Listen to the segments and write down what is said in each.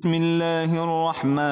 بسم الله الرحمن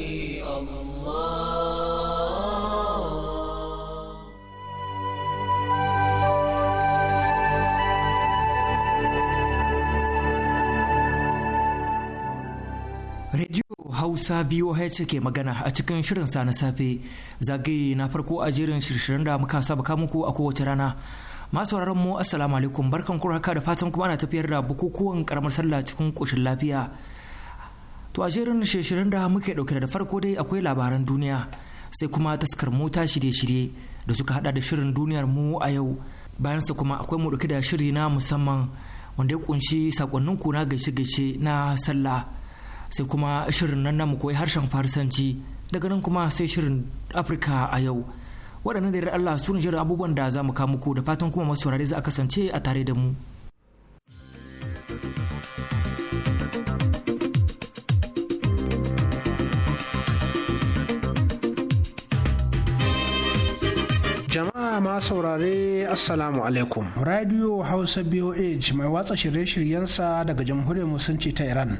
Hausa VOH ke magana a cikin shirin sa na safe zagaye na farko a jerin shirshirin da muka saba muku a kowace rana. Masu mu Assalamu alaikum barkan ku haka da fatan kuma ana tafiyar da bukukuwan karamar sallah cikin koshin lafiya. To a jerin shirshirin da muke dauke da farko dai akwai labaran duniya sai kuma taskar mota shirye-shirye da suka hada da shirin duniyar mu a yau bayan sa kuma akwai mu dauke da shiri na musamman wanda ya kunshi sakonnin na gaishe-gaishe na sallah. sai kuma shirin nan namu koyi harshen farisanci daga nan kuma sai shirin afirka a yau waɗannan da Allah su ne shirin abubuwan da za mu kawo muku da fatan kuma masu za a kasance a tare da mu. Jama'a ma saurare Assalamu alaikum. Radio Hausa BOH mai watsa shirye-shiryensa daga Jamhuriyar Musulunci ta Iran.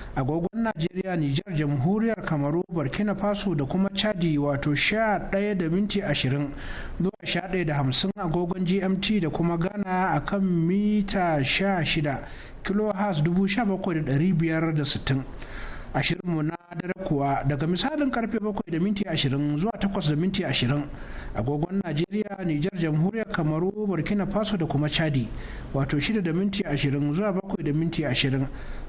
agogon najeriya nijar jamhuriyar kamaru burkina faso da kuma chadi wato ɗaya da minti ashirin zuwa ɗaya da hamsin agogon gmt da kuma ghana a kan mita 16 kilohas 17,560 ashirinmu na dare kuwa daga misalin karfe bakwai da minti ashirin zuwa takwas da minti ashirin agogon najeriya nijar jamhuriyar kamaru burkina faso da kuma chadi wato 6 da minti ashirin zuwa bakwai da minti ashirin.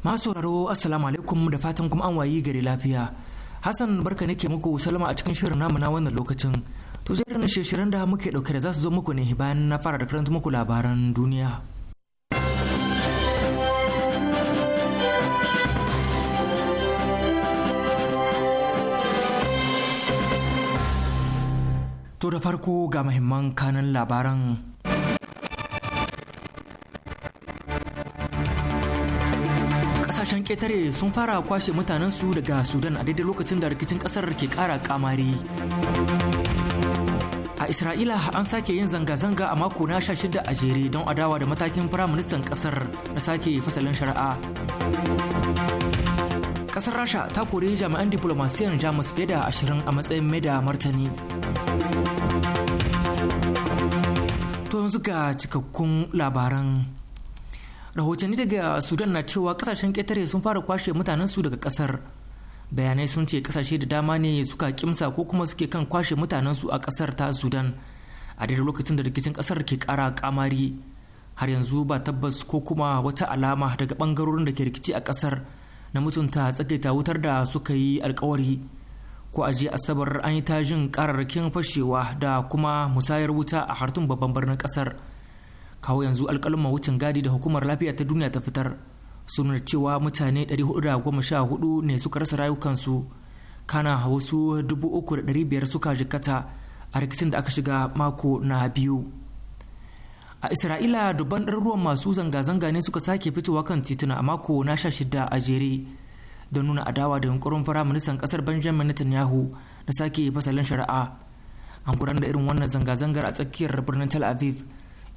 masu sauraro assalamu alaikum da fatan kuma an wayi gari lafiya hassan barka nake muku salama a cikin shirin namu na wannan lokacin to jerin shirin da muke dauke da za zo muku ne bayan na fara da karanta muku labaran duniya To da farko ga mahimman kanan labaran kasashen ƙetare sun fara kwashe mutanensu daga sudan a daidai lokacin da rikicin ƙasar ke ƙara kamari a isra'ila an sake yin zanga-zanga a mako na shida a jere don adawa da matakin firaministan ƙasar na sake fasalin shari'a ƙasar rasha ta kori jami'an diplomasiyan jamus fiye da ashirin a matsayin mai da martani to yanzu ga cikakkun labaran rahotanni daga sudan na cewa kasashen ƙetare sun fara kwashe mutanensu daga ƙasar bayanai sun ce kasashe da dama ne suka kimsa ko kuma suke kan kwashe mutanensu a ƙasar ta sudan a daidai lokacin da rikicin ƙasar ke kara kamari har yanzu ba tabbas ko kuma wata alama daga bangarorin da ke rikici a ƙasar na mutunta tsakaita wutar da suka yi alkawari ko a asabar an yi tajin kararrakin fashewa da kuma musayar wuta a hartun babban birnin ƙasar kawo yanzu alkalin wucin gadi da hukumar lafiya ta duniya ta fitar sunar cewa mutane 414 ne suka rasa rayukansu kana wasu 3,500 suka jikata a rikicin da aka shiga mako na biyu a isra'ila dubban ɗaruruwan masu zanga-zanga ne suka sake fitowa kan tituna a mako na sha shida a jere don nuna adawa da yunkurin ministan ƙasar benjamin netanyahu na sake fasalin shari'a an gudanar da irin wannan zanga-zangar a tsakiyar birnin tel aviv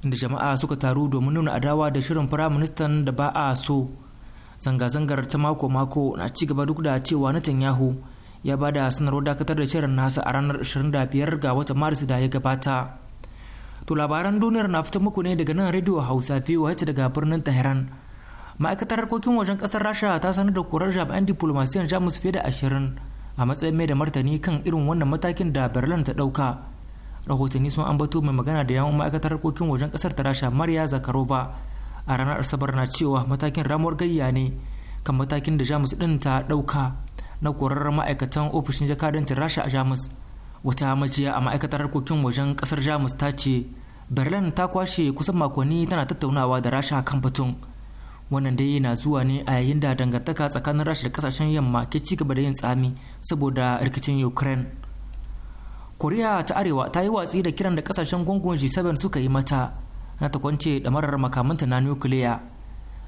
inda jama'a suka taru domin nuna adawa da shirin firaministan da ba a so zanga-zangar ta mako-mako na ci gaba duk da cewa na Netanyahu ya ba da sanarwar dakatar da shirin nasa a ranar 25 ga watan maris da ya gabata to labaran duniyar na fita muku ne daga nan rediyo hausa wace daga birnin tehran ma'aikatar harkokin wajen kasar rasha ta sanar da korar jami'an diplomasiyan jamus fiye da ashirin a matsayin mai da martani kan irin wannan matakin da berlin ta ɗauka rahotanni sun ambato mai magana da yawon ma'aikatar harkokin wajen kasar ta rasha mariya zakarova a ranar asabar na cewa matakin ramuwar gayya ne kan matakin da jamus din ta dauka na korar ma'aikatan ofishin jakadancin rasha a jamus wata majiya a ma'aikatar harkokin wajen kasar jamus ta ce berlin ta kwashe kusan makonni tana tattaunawa da rasha kan batun wannan dai na zuwa ne a yayin da dangantaka tsakanin rasha da kasashen yamma ke ci gaba da yin tsami saboda rikicin ukraine koriya ta arewa ta yi watsi da kiran da kasashen gungun g7 suka yi mata na ta kwance ɗamarar makamanta na nukiliya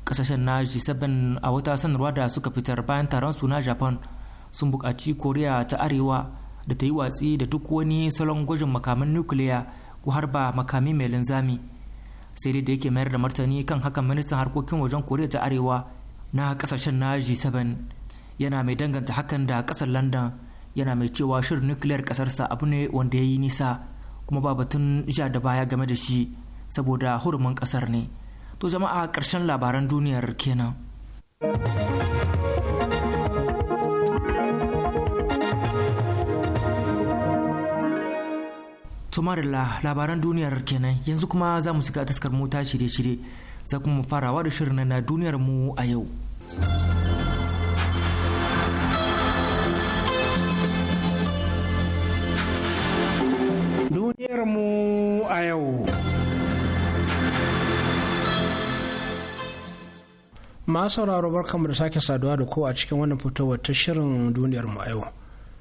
kasashen na g7 a wata sanarwa da suka fitar bayan taron su na japan sun buƙaci koriya ta arewa da ta yi watsi da duk wani salon gwajin makaman nukiliya ko harba makami mai linzami sai dai da yake mayar da martani kan hakan ministan harkokin wajen koriya ta arewa na kasashen na g7 yana mai danganta hakan da kasar london yana mai cewa shirin nukiliyar kasarsa abu ne wanda ya yi nisa kuma ba batun ja da baya game da shi saboda hurumin kasar ne to jama'a ƙarshen labaran duniyar kenan tumarila labaran duniyar kenan yanzu kuma za mu shiga taskar mota shirye-shirye za kuma farawa da shirin na duniyar mu a yau mu a yau. Masu sauraro barkanmu da sake saduwa da kowa a cikin wannan fitowar ta shirin duniyar mu a yau.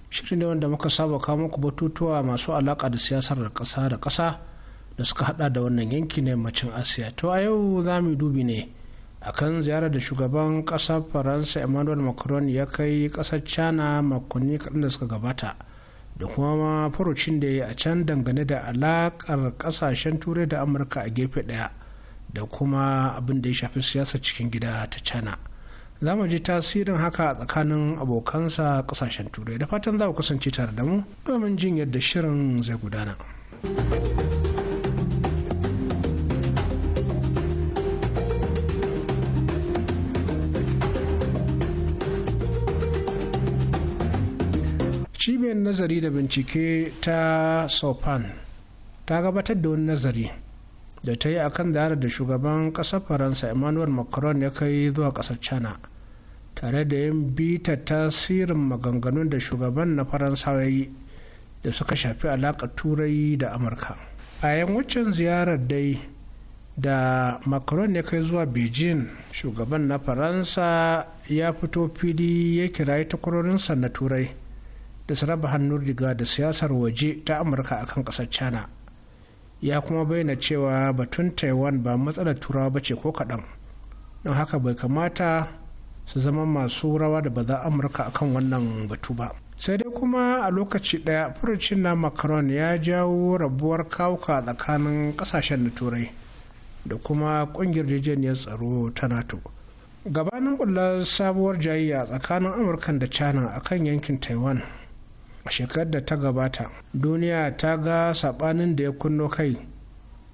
Shirin ne wanda muka saba kawo muku batutuwa masu alaƙa da siyasar da ƙasa da ƙasa da suka hada da wannan yanki na yammacin Asiya. To a yau za mu dubi ne akan ziyarar da shugaban ƙasar Faransa Emmanuel Macron ya kai ƙasar China makonni kaɗan da suka gabata. da kuma ma furucin da ya a can dangane da alakar kasashen turai da amurka a gefe daya da kuma abin da ya shafi siyasa cikin gida ta cana za mu ji tasirin haka a tsakanin abokansa kasashen turai da fatan za ku kasance tare da mu domin jin yadda shirin zai gudana. yin nazari da bincike ta sopan ta gabatar da wani nazari da ta yi akan ziyarar da shugaban ƙasar faransa emmanuel macron ya kai zuwa ƙasar china tare da yin bita tasirin maganganun da shugaban na faransa ya yi da suka shafi alaƙa turai da amurka a yan waccan ziyarar dai da macron ya kai zuwa beijing shugaban na faransa ya fito fili ya kirayi takwarorinsa na turai da su raba hannun riga da siyasar waje ta amurka akan ƙasar china ya kuma bayyana cewa batun taiwan ba matsalar turawa ba ce ko kaɗan don haka bai kamata su zama masu rawa da ba za amurka akan wannan batu ba sai dai kuma a lokaci ɗaya furucin na macron ya jawo rabuwar kawuka tsakanin ƙasashen da turai da kuma ƙungiyar jijiyar tsaro ta nato gabanin bullar sabuwar jayayya tsakanin amurka da china akan yankin taiwan a shekarar da ta gabata duniya ta ga sabanin da ya kunno kai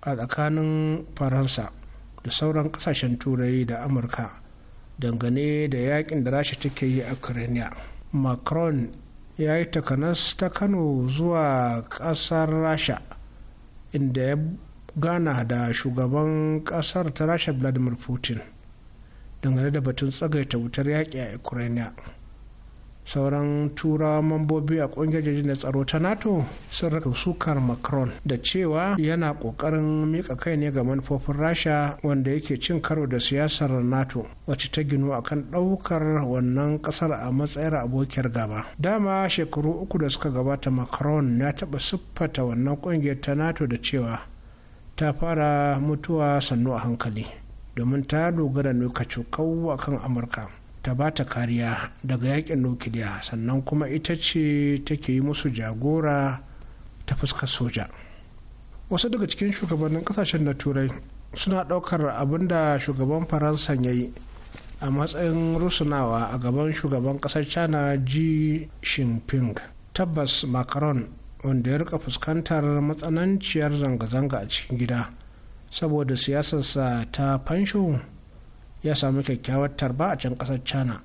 a tsakanin faransa da sauran kasashen turai da amurka dangane da yakin da rasha take yi a ukraine macron ya yi takanas ta kano zuwa kasar rasha inda ya gana da shugaban kasar ta rasha vladimir putin dangane da batun tsagaita wutar yaƙi a ukraine sauran tura mambobi a kungiyar jirgin tsaro ta nato sun rada sukar macron da cewa yana kokarin mika kai ne ga manufofin rasha wanda yake cin karo da siyasar nato wacce ta ginu akan daukar wannan kasar a matsayar abokiyar gaba dama shekaru uku da suka gabata macron ya taba siffata wannan kungiyar ta nato da cewa ta fara mutuwa sannu a hankali domin ta dogara ne kacokau akan amurka ta ba ta kariya daga yakin nukiliya sannan kuma ita ce take yi musu jagora ta fuska soja wasu daga cikin shugabannin kasashen na turai suna ɗaukar abin da shugaban faransa ya yi a matsayin rusunawa a gaban shugaban ƙasar china ji shinping tabbas macron wanda ya rika fuskantar matsananciyar zanga-zanga a cikin gida saboda siyasarsa ta fansho ya sami kyakkyawar tarba a can ƙasar china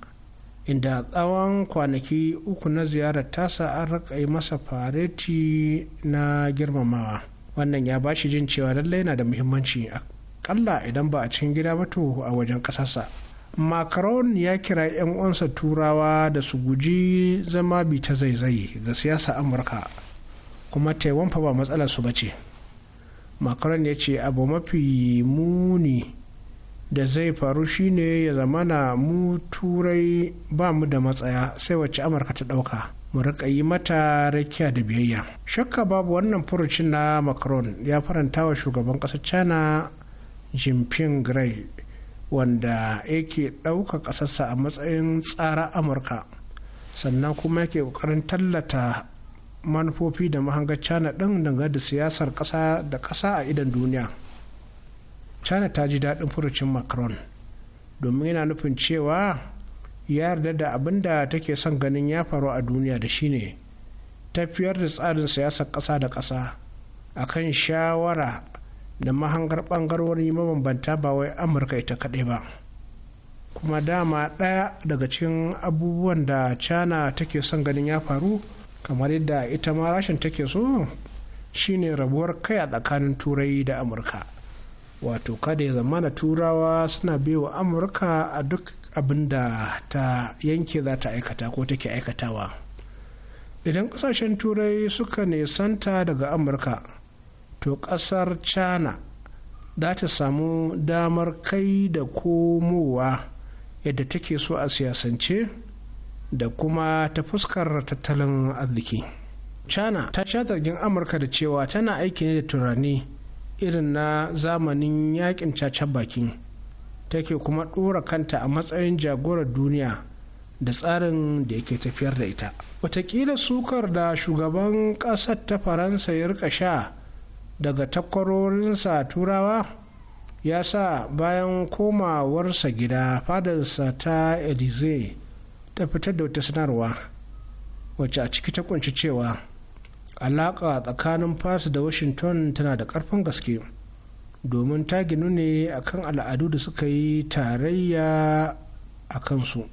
inda tsawon kwanaki uku na ziyarar tasa an rika yi masa fareti na girmamawa wannan ya ba shi jin cewa lallai na da muhimmanci akalla idan ba a cikin gida ba to a wajen ƙasarsa macron ya kira 'yan uwansa turawa da su guji zama bi ta zaizai ga siyasa amurka kuma taiwan fa ba matsalar su ce. macron ya ce abu mafi muni da zai faru shine ya zama na mu turai ba mu da matsaya sai wacce amurka ta ɗauka mu rika yi mata rakiya da biyayya shakka babu wannan furucin na macron ya faranta wa shugaban ƙasar china jinping gray wanda yake ɗauka ƙasarsa a matsayin tsara amurka sannan kuma yake ƙoƙarin tallata manufofi da mahangar china ɗin dangane da siyasar kasa da kasa a idan duniya china ta ji daɗin furucin macron domin yana nufin cewa ya yarda da abin da take son ganin ya faru a duniya da shine tafiyar da tsarin siyasar ƙasa da ƙasa kan shawara da mahangar ɓangarori mabambanta ba wai amurka ita kaɗai ba kuma dama ɗaya daga cikin abubuwan da china take son ganin ya faru kamar yadda ita ma rashin take so shine rabuwar kai a tsakanin turai da amurka wato kada ya zamana turawa suna biyo amurka a duk abin da ta yanke za ta aikata ko take aikatawa idan kasashen turai suka nisanta daga amurka to kasar china za ta samu damar kai da komowa yadda take so a siyasance da kuma ta fuskar tattalin arziki china ta sha zargin amurka da cewa tana aiki ne da turani irin na zamanin yakin cacen baki take kuma ɗora kanta a matsayin jagorar duniya da tsarin da yake tafiyar da ita watakila sukar da shugaban ƙasar ta faransa ya rika sha daga takwarorinsa turawa ya sa bayan komawarsa gida fadarsa ta elize ta fitar da wata sanarwa wacce a ciki ta kunshi cewa alaƙa tsakanin fas da washington tana da ƙarfin gaske domin ta ginu ne akan al'adu da suka yi tarayya a kansu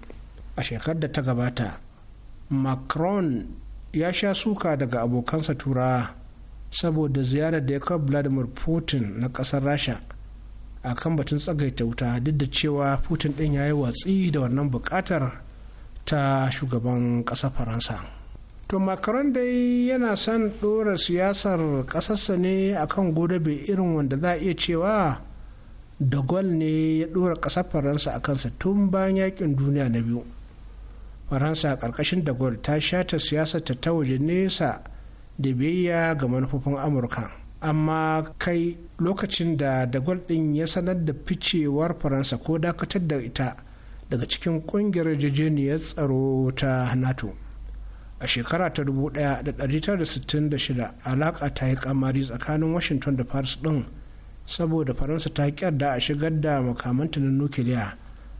a shekarar da ta gabata macron ya sha suka daga abokansa tura saboda ziyarar da ya kawo vladimir putin na kasar rasha a kan batun tsagaita wuta duk da cewa putin ɗin ya yi watsi da wannan bukatar ta shugaban ƙasar faransa to macron dai yana son ɗora siyasar ƙasarsa ne akan godabe irin wanda za a iya cewa da gol ne ya ɗora ƙasar faransa a kansa tun bayan yakin duniya na biyu faransa a ƙarƙashin da gol ta shata siyasar ta waje nesa da biyayya ga manufofin amurka amma kai lokacin da dagwal din ya sanar da ficewar faransa ko dakatar da ita daga cikin ƙungiyar yarjejeniyar tsaro ta nato a shekara ta 1966 alaƙa ta yi kamari tsakanin washington da paris din saboda faransa ta kyarda a shigar da makamanta na nukiliya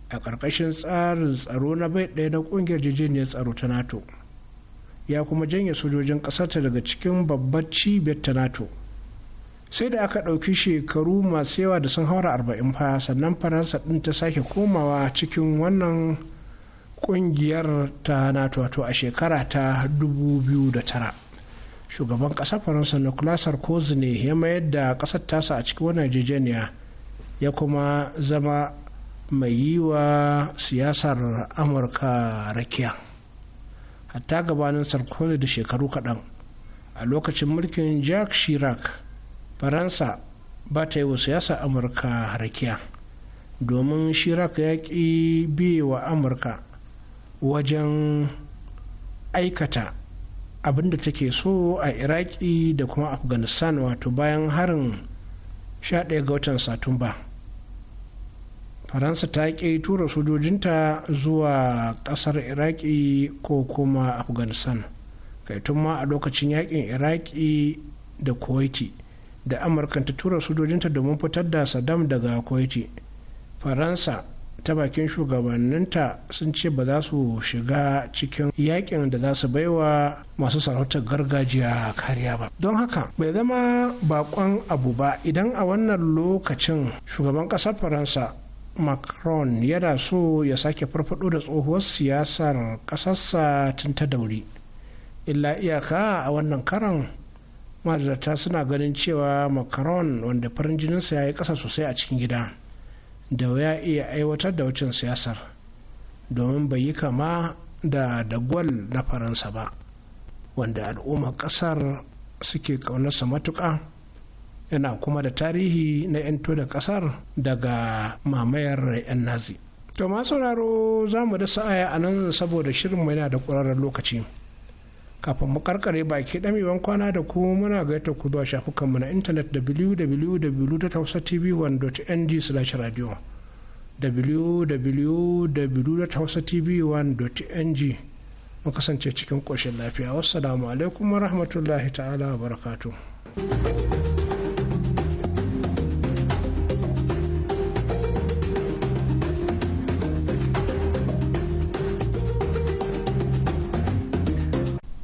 a ƙarƙashin tsarin tsaro na bai ɗaya na ƙungiyar jijiyar tsaro ta nato ya kuma janye sojojin ƙasarta daga cikin babbar cibiyar ta nato sai da aka ɗauki shekaru masu yawa da sun haura arba'in fa sannan faransa ɗin ta sake komawa cikin wannan kungiyar ta nato wato a shekara ta 2009 shugaban kasar faransa nicolas sarkozy ne ya mayar da kasar tasa a cikin wannan jejeniya ya kuma zama mai yi wa siyasar amurka rakiya hatta gabanin sarkozy da shekaru kaɗan a lokacin mulkin jack shirak faransa ba ta yi wa siyasar amurka rakiya domin shirak ya ƙi biye wa amurka wajen aikata abin da take so a iraki da kuma afghanistan wato bayan harin 11 ga watan satumba faransa ta ƙi tura sojojinta zuwa ƙasar iraki ko kuma afghanistan kai tun ma a lokacin yakin iraki da kuwaiti da amurka ta tura sojojinta domin fitar da saddam daga kuwaiti faransa ta bakin shugabanninta sun ce ba za su shiga cikin yakin da za su baiwa masu sarautar gargajiya kariya ba don haka bai zama bakon abu ba idan a wannan lokacin shugaban ƙasar faransa macron yana so ya sake farfado da tsohuwar siyasar ƙasarsa tun ta dauri illa iyaka a wannan karan majalata suna ganin cewa macron wanda farin jininsa ya yi ƙasa sosai a cikin gida da ya iya aiwatar da wacin siyasar domin bai yi kama da dagwal na faransa ba wanda al'ummar kasar suke kaunarsa matuƙa yana kuma da tarihi na 'yanto da kasar daga mamayar 'yan nazi to masu sauraro za mu da sa'aya a nan saboda shirin shirinmu yana da ƙwararren lokaci kafin mu karkare baki damewan kwana da ku muna gaita ku zuwa mu na intanet www.hausatv1.ng/radio www.hausatv1.ng mu kasance cikin koshin lafiya wassalamu alaikum wa rahmatullahi ta'ala wa barakatuh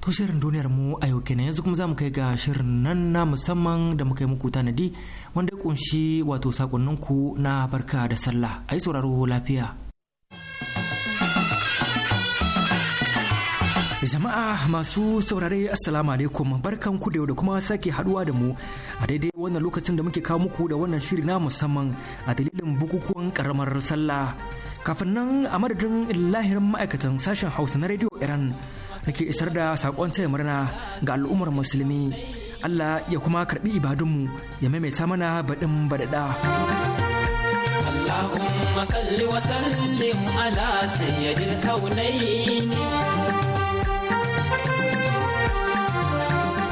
To shirin duniyar mu a yau kenan yanzu kuma za mu kai ga shirin nan na musamman da muka yi muku tanadi wanda ya kunshi wato sakonnin ku na barka da sallah a yi sauraro lafiya. Jama'a masu saurare Assalamu alaikum barkan ku da yau da kuma sake haduwa da mu a daidai wannan lokacin da muke kawo muku da wannan shiri na musamman a dalilin bukukuwan karamar sallah kafin nan a madadin lahirin ma'aikatan sashen hausa na rediyo Iran da ke isar da sakon taya murna ga al'ummar musulmi Allah ya kuma karɓi ibadunmu ya maimaita mana baɗin baɗaɗa.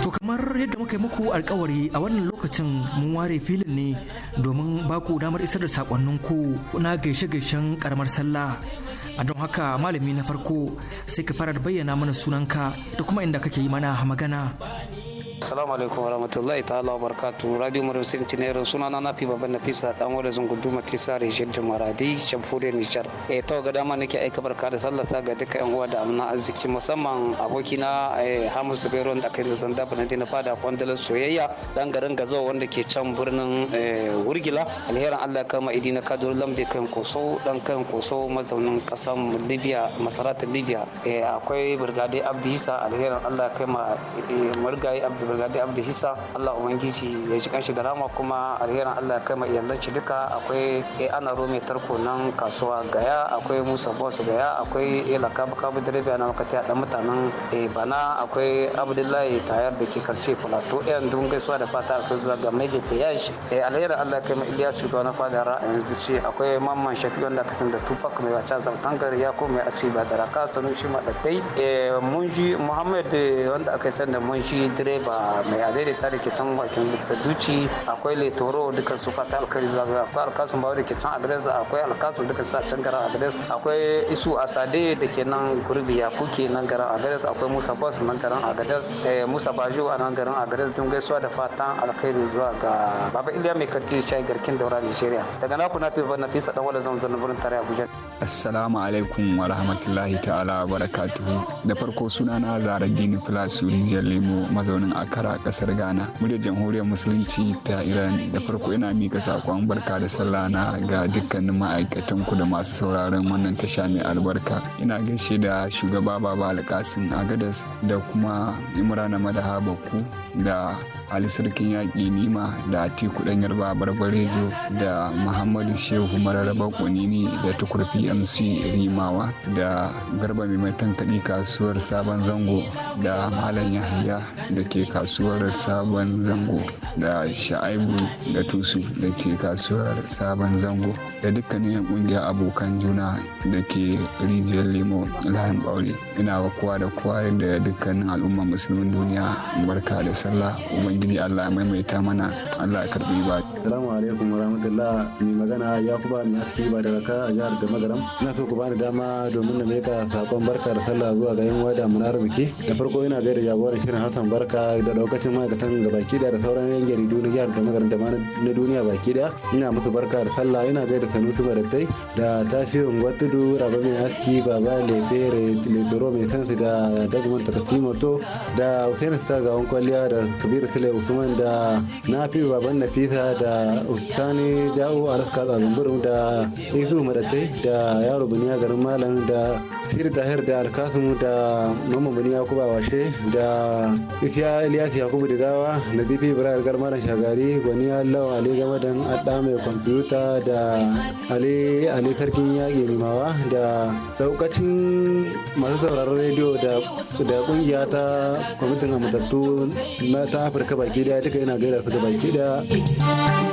To kamar yadda muka yi muku alkawari a wannan lokacin mun ware filin ne domin baku damar isar da saƙonninku na gaishe-gaishen ƙaramar sallah a don haka malami na farko sai ka fara bayyana mana sunanka da kuma inda kake yi mana magana Assalamu alaikum rahmatullahi ta'ala wa barakatuh. Radio Maryam Sin Cinero suna na nafi baban Nafisa dan wanda zan gudu matrisa Rijal Jamaradi Jamhuriyar Nijar. Eh to ga dama nake aika barka da sallata ga duka yan uwa da amna arziki musamman abokina eh, Hamus Beron da kan zan da bana na fada kwandalar soyayya dan garin Gazo wanda ke can birnin eh, Wurgila. alherin Allah ma idina ka Kaduna Lamde kan Koso dan kan Koso mazaunin kasar Libya masaratar Libya. Eh, akwai Birgade Abdi Isa alherin Allah ma Murgaye Abdi brigadier abdu hisa allah ubangiji ya ji kanshi da rama kuma alherin allah kai mai yallanci duka akwai ana rome tarko nan kasuwa gaya akwai musa boss gaya akwai ila kabu kabu direba yana wakati a dan mutanen bana akwai abdullahi tayar da ke karshe plateau yan dun gaisuwa da fata a zuwa ga mai da ke yashi alherin allah kai mai Ilyas shugaba na fadar ra'ayin zuci akwai mamman shafi wanda san da tupac mai wacce zautan gari ya ko mai asiba da raka sanushi madaddai munji muhammad eh, wanda aka san da munji direba da mai ta da ke can bakin likita duci akwai letoro duka su fata alkari zuwa akwai alkasun bawa da ke can adres akwai alkasun duka su can garan adres akwai isu asade da ke nan kurbi ya kuke nan garan adres akwai musa bas nan garan adres eh, musa bajo a nan garan adres don gaisuwa da fatan alkhairi zuwa ga baba iliya mai karti shayi garkin daura nigeria daga ku na fi bana fi sadan wala zanzan na birnin tare abuja assalamu alaikum wa rahmatullahi ta'ala wa barakatuhu da farko sunana zara dini filasuri lemo mazaunin a kara a kasar Ghana muryar jamhuriyar musulunci ta Iran da farko ina mika sakon barka da sallah na ga dukkanin ma'aikatan ku da masu sauraron wannan tasha mai albarka ina gaishe da shugaba Baba Alkasin Agadas da kuma Imran'a Madahaba habaku da ali sarkin yaƙi nima da atiku ɗan yarba barbarejo da muhammadu shehu Mararaba kunini da tukurfi mc rimawa da garba mai kaɗi kasuwar sabon zango da malam yahaya da ke kasuwar sabon zango da sha'aibu da tusu da ke kasuwar sabon zango da dukkanin ƙungiyar abokan juna da ke rijiyar lemo layin ɓaure ina wa kowa da kowa da dukkanin al'umma musulmin duniya barka da sallah ubangiji allah ya maimaita mana allah ya karbi ba assalamu alaikum warahmatullah mai magana ya ba aski ba da raka a jihar da magaram ina so ku bani dama domin na mika sakon barka da sallah zuwa ga yan wada mun arziki da farko ina gaida jagoran shirin hassan barka da daukacin ma'aikatan gabaki da da sauran yan jaridu na jihar da magaram da na duniya baki da ina musu barka da sallah ina gaida sanusi madattai da tasirin gwatudu rabe mai aski baba lefe letoro mai sansu da dagman takasimoto da usaini star gawon kwalliya da kabiru da usman da nafi baban nafisa da ustani da'u a raska da isu madatai da yaro buniya garin malam da sir tahir da alkasimu da mamman buniya kuba washe da isiya ilyas yakubu digawa na zifi ibrahim garmaran shagari gwaniya lawan ali gamadan adda mai kwamfuta da ali ali sarkin yaƙi nimawa da daukacin masu sauraron rediyo da kungiya ta kwamitin amintattu na ta afirka baki daya duka yana gaida su baki daya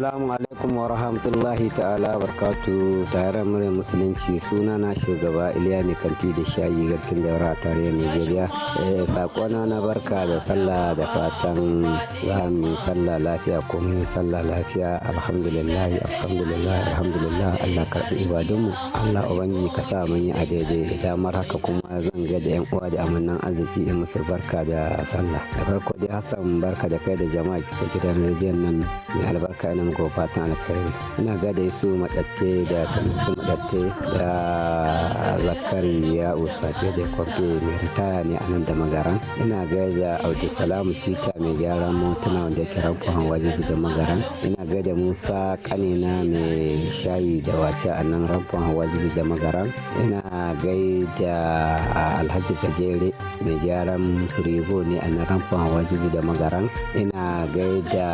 Assalamu alaikum wa rahmatullahi ta'ala barkatu tare mure musulunci suna na shugaba Iliya ne kanti da shayi garkin daura a tarayyar Nijeriya. Eh, Sakona na barka da sallah da fatan za mu yi sallah lafiya ko mu sallah lafiya alhamdulillah alhamdulillah alhamdulillah Allah karɓi ibadunmu Allah ubangi ka sa mun yi a daidai damar haka kuma zan ga da yan uwa da amannan arziki in musu barka da sallah da farko dai Hassan barka da kai da jama'a gidan rediyon nan mai albarka ina muku fatan alkhairi ina gada su madatte da sanusu madatte da zakari ya usafe da kwarto mai ritaya ne a nan da magaran ina gaida auki salamu cica mai gyaran motuna wanda yake rabuwan wajen da magaran ina gaida musa kanina mai shayi da wace a nan rabuwan wajen da magaran ina gaida alhaji gajere mai gyaran firigo ne a nan rabuwan wajen da magaran ina gaida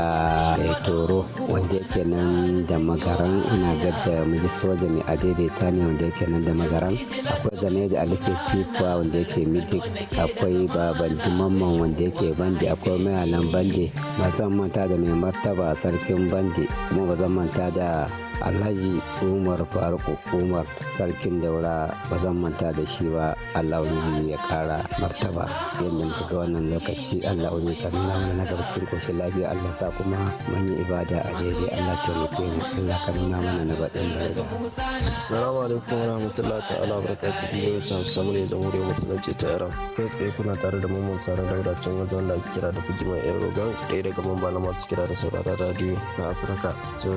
toro wanda yake nan da magaran ina gadda miji soja mai adaidaita ne wanda yake nan da magaran akwai zane da alife tifa wanda yake midik akwai baban mamman wanda yake bandi akwai mayanan bandi ba zan manta da mai martaba sarkin bandi kuma ba zan manta da alhaji umar faruk umar sarkin daura ba zan manta da shi ba allah wani ya kara martaba yadda muka ga wannan lokaci allah wani ka nuna mana na gaba cikin koshin lafiya allah sa kuma manyan ibada a daidai allah taimake mu allah ka nuna mana na baɗin barga. assalamu alaikum warahmatullahi ta'ala barakatuhu da ya samu ne jamhuriyar musulunci ta iran kai tsaye kuna tare da mamman sarar daudacin wajen da kira da kujiman eurogang ɗaya daga mamba na masu kira da sauraron radio na afirka ta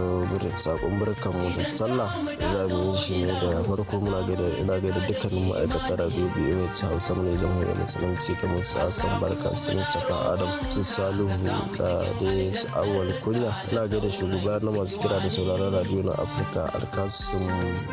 sakon mu da sallah za mu yi shi ne da farko muna gaida ina gaida dukkanin ma'aikata da bibi ne hausa mu ne jamhuriyar musulunci kamar musu asan barka su mustapha adam su salihu da dai su awal kunya ina gaida shugaba na masu kira da sauraron radio na afirka alkasim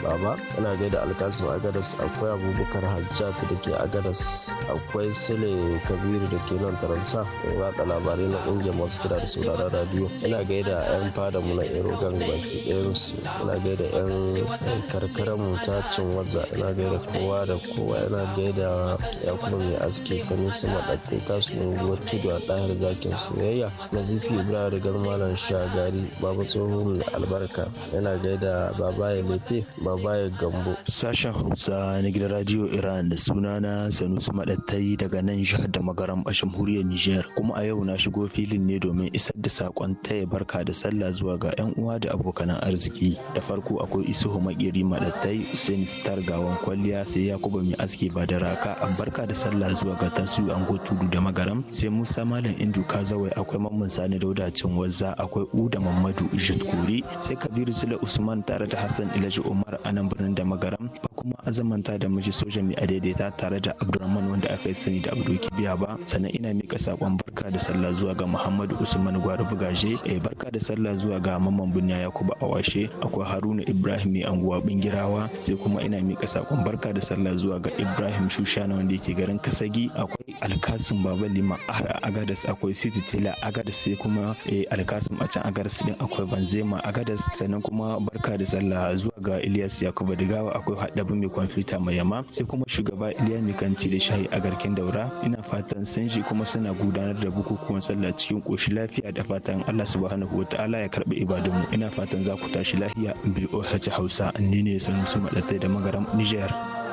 baba ina gaida alkasim agadas akwai abubakar hajjat da ke agadas akwai sule kabiru da ke nan taransa watsa labarai na kungiyar masu kira da sauraron radio ina gaida yan fada mu na erogan baki ɗayan yana ina gaida yan karkarar mu ta cin waza ina gaida kowa da kowa ina gaida ya kuma mai aski sanu su maɗaɗe ta su unguwar tudu a ɗahar zakin soyayya nazifi ibrahim rigar malam shagari babu tsoho mai albarka yana gaida ya lefe ya gambo. sashen hausa na gidan radio iran da sunana sanu su maɗaɗe daga nan jihar da magaran bashin huriyar niger kuma a yau na shigo filin ne domin isar da saƙon taya barka da sallah zuwa ga 'yan uwa da abokan arziki da farko akwai isuhu makeri madattai usain star gawan kwalliya sai yakuba mai aske ba da raka barka da sallah zuwa ga tasiru ango tudu da magaram sai musa malam indu kazawai akwai mamman sani dauda cin wazza akwai uda mamadu kuri sai kabiru sule usman tare da hassan ilaji umar a nan birnin da magaram ba kuma azamanta da miji soja mai adaidaita tare da abdurrahman wanda aka yi sani da abdul kibiya ba sannan ina mika sakon barka da sallah zuwa ga muhammadu usman gwarubu gaje eh, barka da sallah zuwa ga mamman bunya yakuba awashe akwai haruna ibrahim mai anguwa bingirawa sai kuma ina miƙa sakon barka da sallah zuwa ga ibrahim shushana wanda yake garin kasagi akwai alkasim baba lima agadas akwai city tela agadas sai kuma eh, alkasim a can agadas din akwai banzema agadas sannan kuma barka da sallah zuwa ga ilyas yakuba digawa akwai haɗabi mai kwamfuta mai yama sai kuma shugaba iliya mai kanti da shayi a garkin daura ina fatan sun kuma suna gudanar da bukukuwan sallah cikin ƙoshi lafiya da fatan allah subhanahu wa ta'ala ya karɓi ibadunmu ina fatan za ku tashi tashi lahiya BOH Hausa ni ne Sanusi Madatai da Magaram Niger.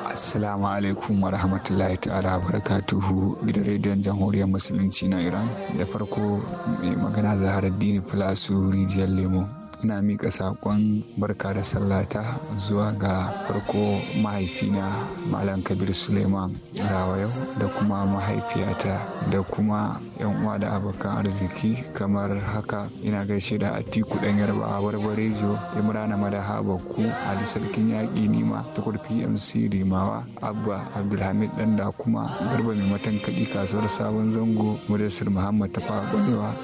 Assalamu alaikum wa rahmatullahi ta'ala barakatuhu gidan rediyon jamhuriyar musulunci na Iran da farko mai magana dini Filasu Rijiyar Lemo ina mika saƙon barka da sallata zuwa ga farko mahaifina malam kabir suleiman rawayau da kuma mahaifiyata da kuma yan uwa da abokan arziki kamar haka ina gaishe da atiku dan yarba barbarejo imrana madaha bakku ali sarkin yaƙi nima tukur pmc rimawa abba abdulhamid dan da kuma garba mai matan kaɗi kasuwar sabon zango mudassir muhammad tafa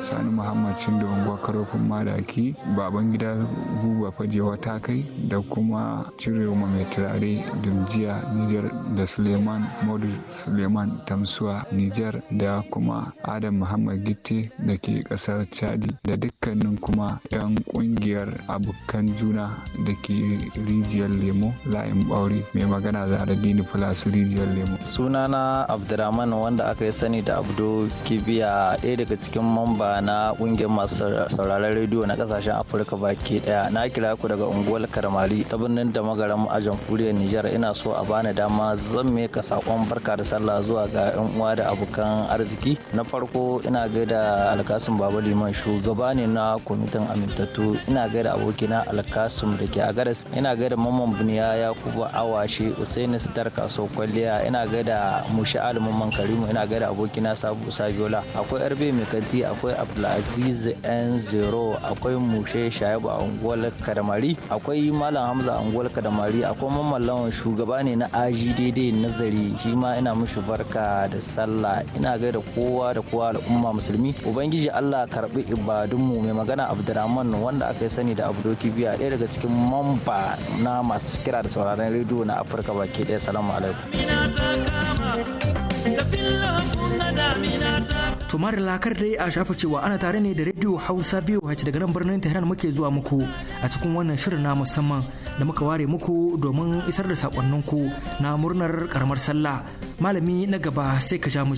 sani muhammad shindo unguwa karofin madaki baban gida guba fajewa ta kai da kuma cirewa mai turare dumjiya nijar da suleiman modu suleiman tamsuwa nijar da kuma adam muhammad gitte da ke kasar chadi da dukkanin kuma 'yan kungiyar abokan juna da ke rijiyar lemo layin bauri mai magana za da dini plus rijiyar lemo sunana abdurrahman wanda aka yi sani da abdo kibiya ɗaya daga cikin mamba na kungiyar masu sauraron rediyo na kasashen afirka baki daya na kira ku daga unguwar karmali ta birnin da magaram a jamhuriyar nijar ina so a bani dama zan ka sakon barka da sallah zuwa ga yan uwa da abokan arziki na farko ina gaida alkasim baba liman shugaba ne na kwamitin amintattu ina gaida abokina alkasim da ke a gadas ina gaida mamman buniya kuba awashe usaini sitar kaso kwalliya ina gaida mushi alimin karimu ina gaida abokina sabu sabiola akwai rb mai kanti akwai abdulaziz n zero akwai mushe sha a unguwar kadamari akwai malam hamza a unguwar kadamari akwai mamallawan shugaba ne na aji daidai nazari shi ma ina mushi barka da sallah ina gaida kowa da kowa al'umma musulmi ubangiji allah karbi ibadunmu mai magana abdurrahman wanda aka yi sani da abdoki biya ɗaya daga cikin mamba na masu kira da sauraron rediyo na afirka baki ɗaya salamu alaikum Tumar lakar dai a shafa cewa ana tare ne da Radio Hausa biyu hace daga nan birnin Tehran muke zuwa muku a cikin wannan shirin na musamman da muka ware muku domin isar da sakonninku na murnar karamar sallah. Malami na gaba sai ka ja mu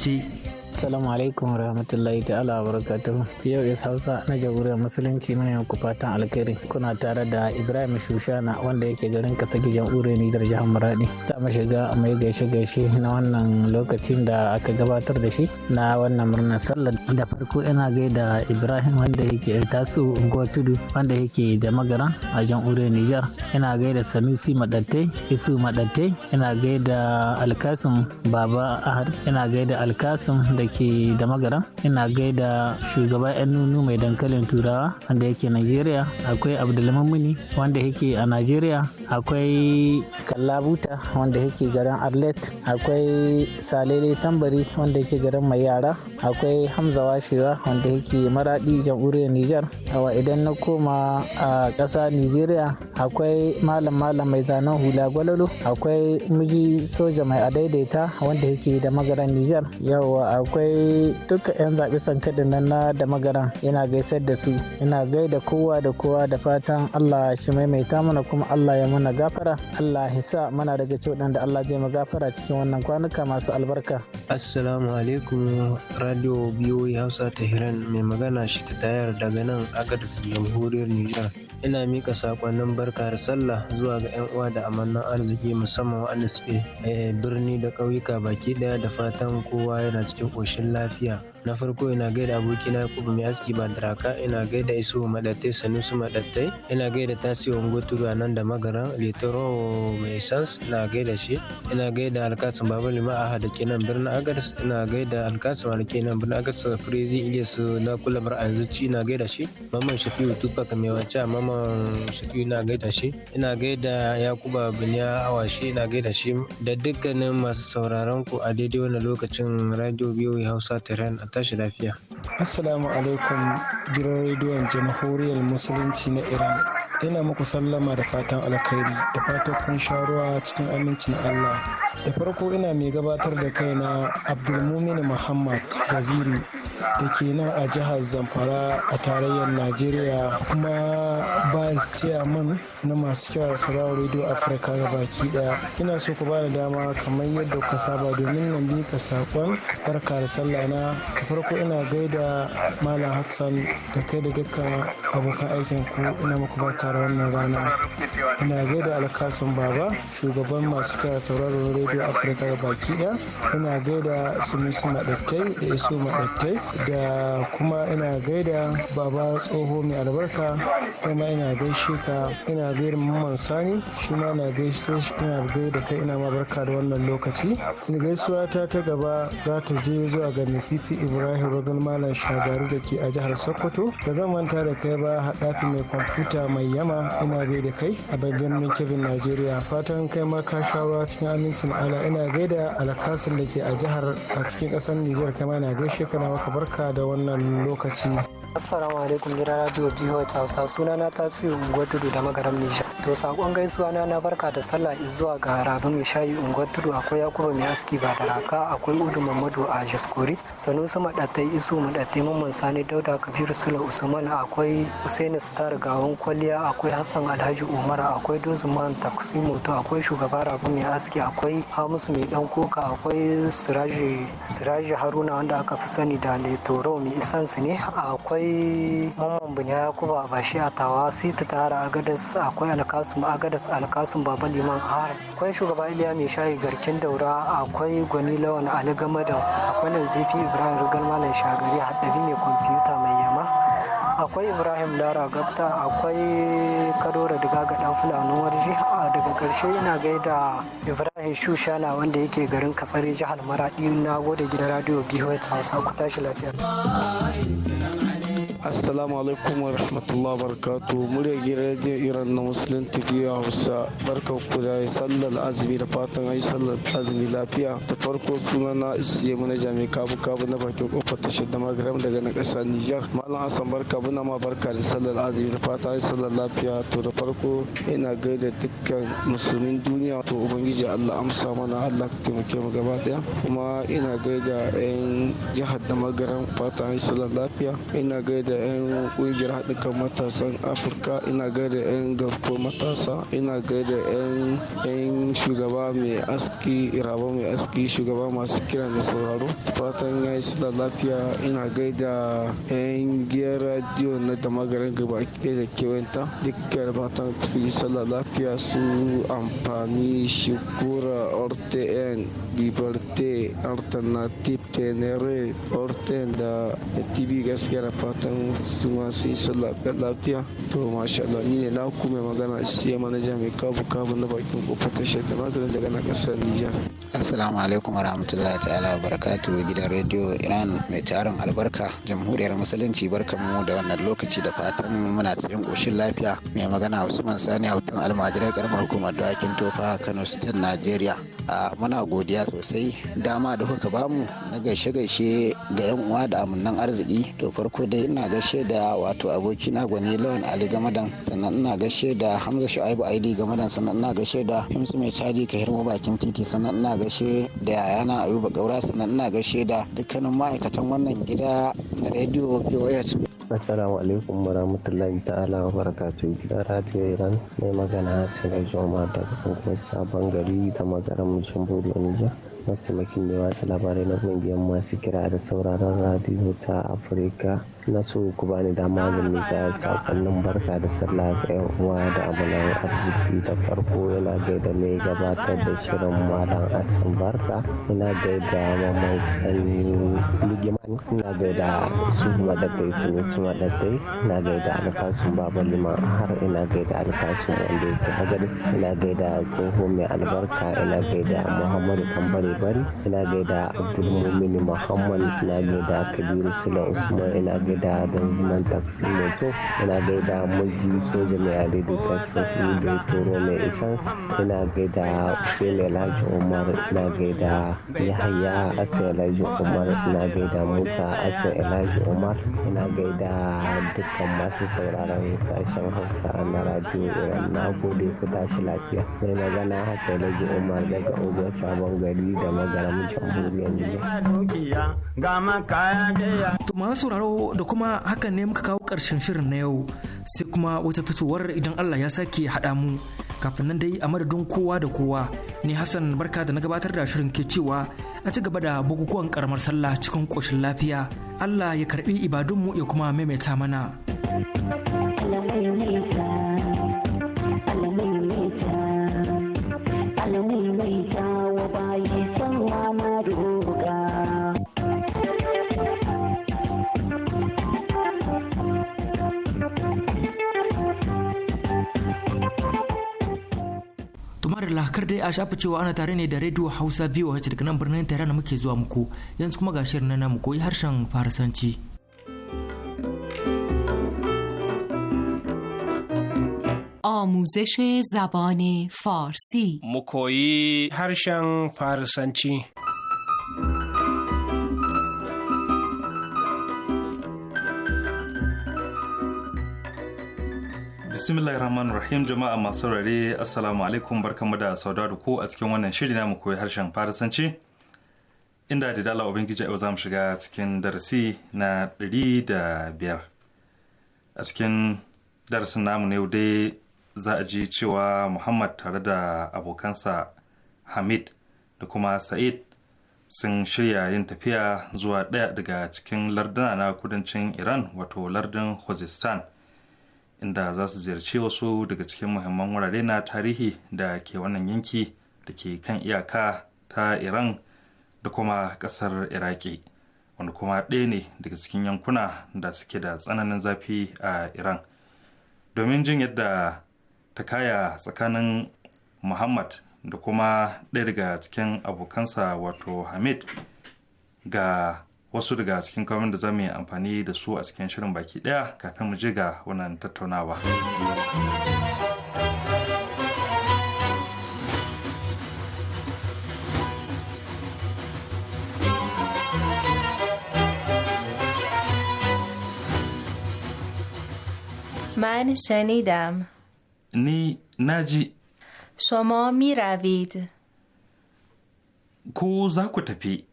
Assalamu alaikum warahmatullahi ta'ala barakatuh. Yau is Hausa na jamhuriyar musulunci na yanku fatan alkhairi. Kuna tare da Ibrahim Shushana wanda yake garin Kasagi Ure Nijar jihar Muradi. Za mu shiga mai gaishe gaishe na wannan lokacin da aka gabatar da shi na wannan murnar sallar. Da farko ina gaida Ibrahim wanda yake tasu unguwar tudu wanda yake da magara a Ure Nijar. Ina gaida Sanusi Madatte, Isu Madatte, ina gaida Alkasim Baba Ahad, ina gaida Alkasim da da ke da magaran ina gaida shugaba yan nunu mai dankalin turawa wanda yake najeriya akwai abdulmamuni wanda yake a najeriya akwai kallabuta wanda yake garin arlet akwai salele tambari wanda yake garin mai yara akwai hamza washewa wanda yake maradi jamhuriyar nijar awa idan na koma a ƙasa nigeria akwai malam malam mai zanen hula gwalolo akwai miji soja mai adaidaita wanda yake da magaran nijar yawa akwai duka 'yan zaɓe sankaɗin nan na da magaran yana gaisar da su ina gaida kowa da kowa da fatan allah shi maimaita mana kuma allah ya mana gafara allah ya sa mana daga cikin da allah zai mu gafara cikin wannan kwanuka masu albarka assalamu alaikum radio biyoyi hausa ta hiran mai magana shi ta tayar daga nan agadar jamhuriyar nijar ina mika sakonnin barka da sallah zuwa ga 'yan uwa da amannan arziki musamman wa'anda suke eh, birni da ƙauyuka baki ɗaya da fatan kowa yana cikin ƙoshin lafiya. na farko ina gaida abokina yakubu mai aski ba ina gaida isu madatte sanusu madatte ina gaida tasiri turu a nan da magaran litoro mai sans ina gaida shi ina gaida alkasun Babu lima kenan da ke birnin agadas ina gaida alkasun da kenan nan birnin agadas firizi ilyas na kula yanzu ci. ina gaida shi mamman shafiu tupac mai wacce mamman shafiu ina gaida shi ina gaida yakuba biniya awashi ina gaida shi da dukkanin masu sauraron ku a daidai wannan lokacin radio biyu hausa tehran tashi lafiya. Assalamu alaikum gidan rediyon jamhuriyar musulunci na Iran. ina muku sallama da fatan alkhairi da fatan kun sha ruwa cikin amincin Allah da farko ina mai gabatar da kaina Abdulmumin Muhammad Waziri da ke nan a jihar Zamfara a tarayyar Najeriya kuma vice chairman na masu kira sauraron Radio Africa baki daya ina so ku bani dama kamar yadda kuka saba domin na ka sakon barka da sallah na da farko ina gaida Malam Hassan da kai da dukkan abokan aikin ku ina muku barka da wannan rana ina gaida alkasun baba shugaban masu kira sauraron rediyo afirka baki ɗaya ina gaida musu maɗattai da iso maɗattai da kuma ina gaida baba tsoho mai albarka kuma ina gaishe ka ina gaida mamman sani shi ma ina gaishe ina gaida kai ina ma barka da wannan lokaci gaisuwa ta ta gaba za ta je zuwa ga nasifi ibrahim rogal malam shagaru da ke a jihar sokoto da zan manta da kai ba haɗafi mai kwamfuta mai Maryama ina gaida kai a babban kebin Najeriya fatan kai ma ka sha cikin amincin ala ina gaida alkasun da ke a jihar a cikin kasar Nijar kama na gaishe kana maka barka da wannan lokaci. assalamu alaikum gidan radio biyu hausa suna na tasiri unguwar tudu da magaram nijar to sakon gaisuwa na na barka da sallah zuwa ga rabi mai shayi unguwar tudu akwai yakubu mai aski ba da raka akwai udu mamadu a jaskori sanusi maɗatai isu maɗatai mamman sani dauda kabiru sula usman akwai husaini star gawon kwalliya akwai hassan alhaji umar akwai dozuman taksi moto akwai shugaba rabi mai aski akwai hamisu mai dan koka akwai siraji haruna wanda aka fi sani da letoro mai isansu ne akwai akwai mamman bunya yakuba a bashi a tawa ta tara agadas akwai alkasum agadas alkasum baba liman har akwai shugaba iliya mai shayi garkin daura akwai gwani lawan ali gamadan akwai zifi ibrahim rigar malam shagari haɗari mai kwamfuta mai yama akwai ibrahim lara gafta akwai kadora daga ga dan fulani warji daga karshe ina gaida ibrahim shushana wanda yake garin katsari jihar maradi na gode gidan radio bihot hausa ku tashi lafiya assalamu alaikum wa rahmatullahi barakatu murya gidan radio iran na muslim tv hausa barka ku da sallar azumi da fatan ai sallar azumi lafiya da farko suna na isiye mana jami kabu kabu na bakin kofar magaram daga na nijar malam asan barka muna ma barka da sallar azumi da fatan ai sallar lafiya to da farko ina gaida dukkan musulmin duniya to ubangiji allah amsa mana allah ka taimake mu gaba daya kuma ina gaida yan jihar da magaram fatan sallar lafiya ina gaida gaida 'yan kungiyar haɗin kan matasan afirka ina gaida 'yan matasa ina gaida 'yan shugaba mai aski iraba mai aski shugaba masu kira da sauraro fatan ya yi lafiya ina gaida 'yan giyar radiyo na damagarin gaba da kewanta dukkan fatan su yi sila lafiya su amfani shukura liberté alternative tenere da tv gaskiya fatan fatan su ma sai sallah lafiya to masha ni ne na kuma magana manaja mai kafu kafu na bakin tashar da maganin daga na kasar Nijar Assalamu alaikum warahmatullahi ta'ala barakatuhu gidan rediyo Iran mai tarin albarka jamhuriyar musulunci mu da wannan lokaci da fatan muna cikin koshin lafiya mai magana Usman Sani Hautan almajirai karamar hukumar dakin tofa Kano State Najeriya muna godiya sosai dama da kuka bamu na gaishe-gaishe ga yan uwa da amannan arziki to farko dai ina gaishe da wato abokina gwani lawan ali gamadan sannan ina gaishe da hamza shu'aibu aidi gamadan sannan ina gaishe da himsu mai caji ka hirma bakin titi sannan ina gaishe da yana ayuba gaura sannan ina gaishe da dukkanin ma'aikatan wannan gida na rediyo voh Assalamu alaikum warahmatullahi ta'ala wa barakatu gidan Radio Iran mai magana sai da joma da kuma sabon gari da magaran Jamhuriyar Nijar. Mataimakin da watsa labarai na kungiyar masu kira da sauraron radiyo ta Afirka na so ku bani dama da mika sakonnin barka da sallah ga yan uwa da abunan arziki da farko yana gaida mai gabatar da shirin malam asin barka ina gaida mamman sanyi ligiman ina gaida su madadai su su madaddai ina gaida alfasun baba liman har ina gaida alfasun wanda yake hagaris ina gaida tsoho mai albarka ina gaida muhammadu tambari bari ina gaida abdulmumin muhammad ina gaida kabiru sula usman ina gaida gaida don nan taksi mai kyau yana gaida mulki soja mai adadi taksi ni da toro mai isan yana gaida usain elaji umar yana gaida yahaya asa elaji umar yana gaida musa asa elaji umar yana gaida dukkan masu sauraron sashen hausa na radio iran na gode ku tashi lafiya mai magana hasa elaji umar daga ogun sabon gari da magaramin jamhuriyar nijar. To masu sauraro da kuma hakan ne muka kawo ƙarshen shirin na yau sai kuma wata fitowar idan Allah ya sake haɗa mu kafin nan dai a madadin kowa da kowa ni Hassan barka da na gabatar da shirin ke cewa a ci gaba da bukukuwan karamar sallah cikin ƙoshin lafiya Allah ya karbi ibadunmu ya kuma maimaita mana. madalla kar dai a shafa cewa ana tare ne da radio hausa voh daga nan birnin tehran muke zuwa muku yanzu kuma ga shirin na muku harshen farasanci آموزش زبان فارسی مکویی harshen فارسنچی bismillahir rahmanir rahim jama'a masu rare assalamu alaikum barkamu da sauda da ku a cikin wannan shiri na mu koyi harshen farisanci inda da dala ubangiji yau za mu shiga cikin darasi na ɗari da biyar a cikin darasin namu ne yau dai za a ji cewa muhammad tare da abokansa hamid da kuma sa'id sun shirya yin tafiya zuwa ɗaya daga cikin larduna na kudancin iran wato lardin khuzestan inda za su ziyarci wasu daga cikin muhimman wurare na tarihi da ke wannan yanki da ke kan iyaka ta iran da kuma kasar iraki wanda kuma ɗaya ne daga cikin yankuna da suke da tsananin zafi a iran domin jin yadda ta kaya tsakanin muhammad da kuma ɗaya daga cikin abokansa wato hamid ga wasu daga cikin kawai da za mu yi amfani da su a cikin shirin baki ɗaya kafin mu je wannan tattaunawa. من شنیدم نی نجی شما می روید کو زاکو تپی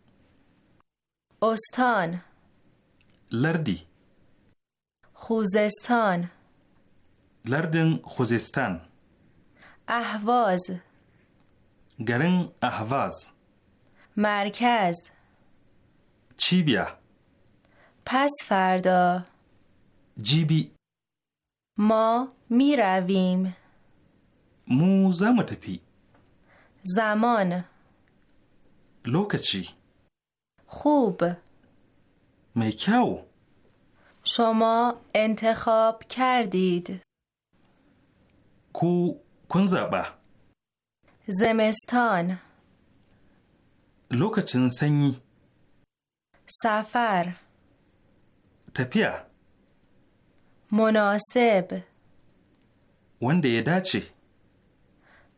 استان لردی خوزستان لردن خوزستان اهواز گرن احواز مرکز بیا؟ پس فردا بی ما می رویم مو زمتپی زمان لوکچی خوب میکو شما انتخاب کردید کو زمستان لوکچن سنی سفر تپیا مناسب ونده یه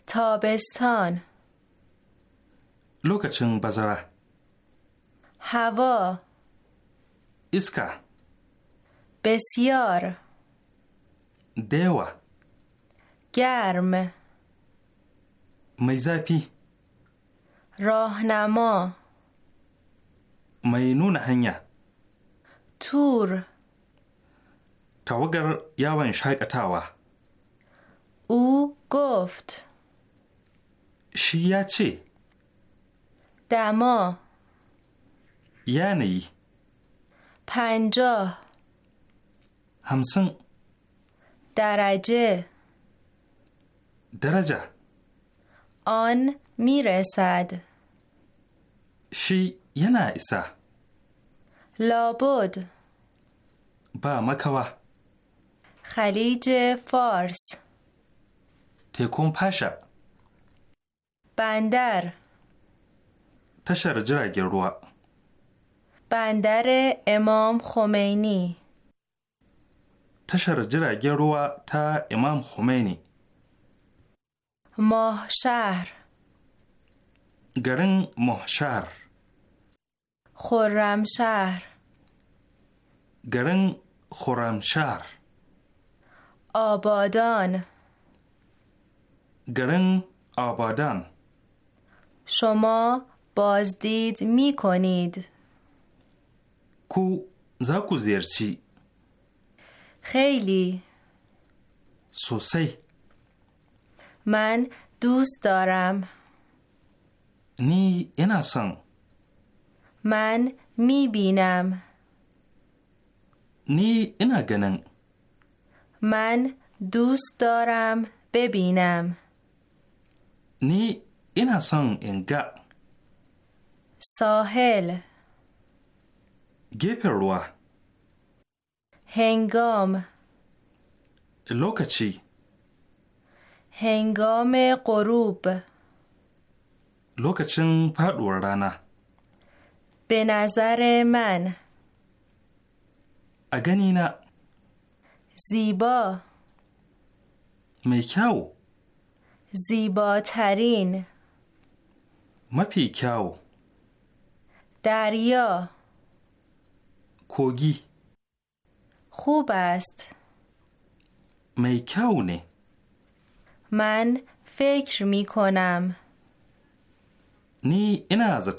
تابستان لوکچن بزره هوا اسکا بسیار دیوا گرم میزاپی راهنما مینون هنیا تور یا یاوان شایک اتاوا او گفت شیاچی، چی دما یعنی پنجاه همسن درجه درجه آن میرسد شی یه نایسه لابد با مکوا خلیج فارس تکون پاشا بندر تشر جراغ روا بندر امام خمینی تشر جرگه رو تا امام خمینی ماه شهر گرن ماه شهر خورم شهر گرن خورم آبادان گرن آبادان شما بازدید می کنید کو زاکو زیرچی خیلی سوسی من دوست دارم نی این اصان من می بینم نی اینا گنن من دوست دارم ببینم نی اینا سان انگا ساحل گپر هنگام لوکچی هنگام غروب لوکچن پدورانا به نظر من اگنینا زیبا میکاو زیباترین مپیکاو دریا کوگی خوب است میکونه من فکر می کنم نی این از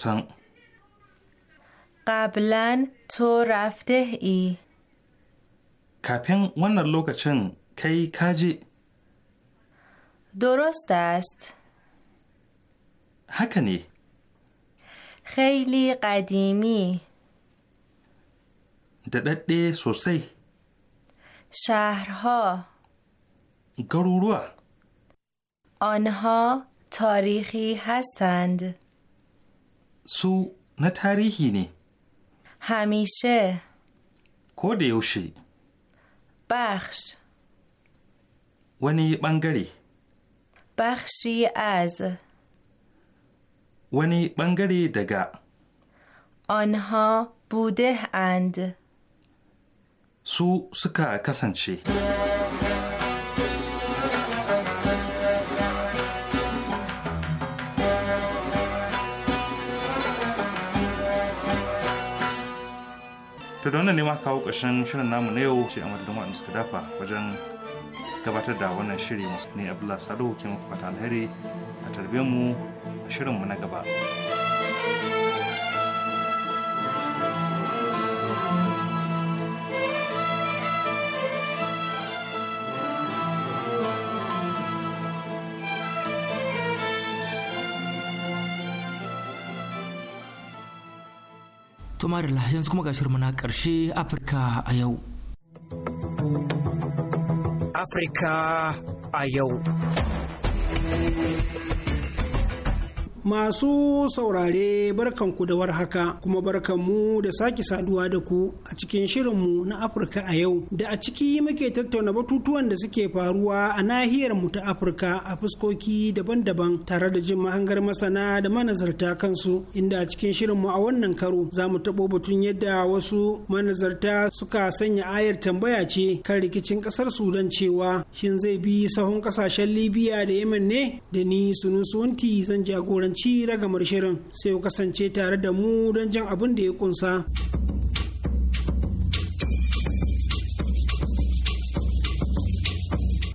قبلا تو رفته ای کپین ونر لوکچن کی کاجی درست است هکنی خیلی قدیمی daɗaɗɗe sosai. شهرها گرورو آنها تاریخی هستند سو نه تاریخی همیشه کودیوشی بخش ونی بنگری بخشی از ونی بنگری دگا آنها بوده اند su suka kasance. To da wannan ne kawo ƙarshen shirin namu na yau ce a madadin waɗanda suka dafa wajen gabatar da wannan shiri musu ne Abdullah Salihu ke muku fata alheri a tarbiyyar mu a shirinmu na gaba. To Marila yanzu kuma ga shirmuna na ƙarshe Afirka a yau. Afirka a yau. Masu saurare barkan ku da warhaka kuma barkanmu da sake saduwa da ku a cikin shirinmu na Afirka a yau da a ciki muke tattauna batutuwan da suke faruwa a nahiyar mu ta Afirka a fuskoki daban-daban tare da jin mahangar masana da manazarta kansu inda a cikin shirinmu a wannan karo za mu taɓo batun yadda wasu manazarta suka sanya ayar tambaya ce kan rikicin ƙasar Sudan cewa shin zai bi sahun ƙasashen Libya da Yemen ne da ni sunusunti zan jagora kasance ragamar shirin sai ku kasance tare da mu don jan abin da ya kunsa.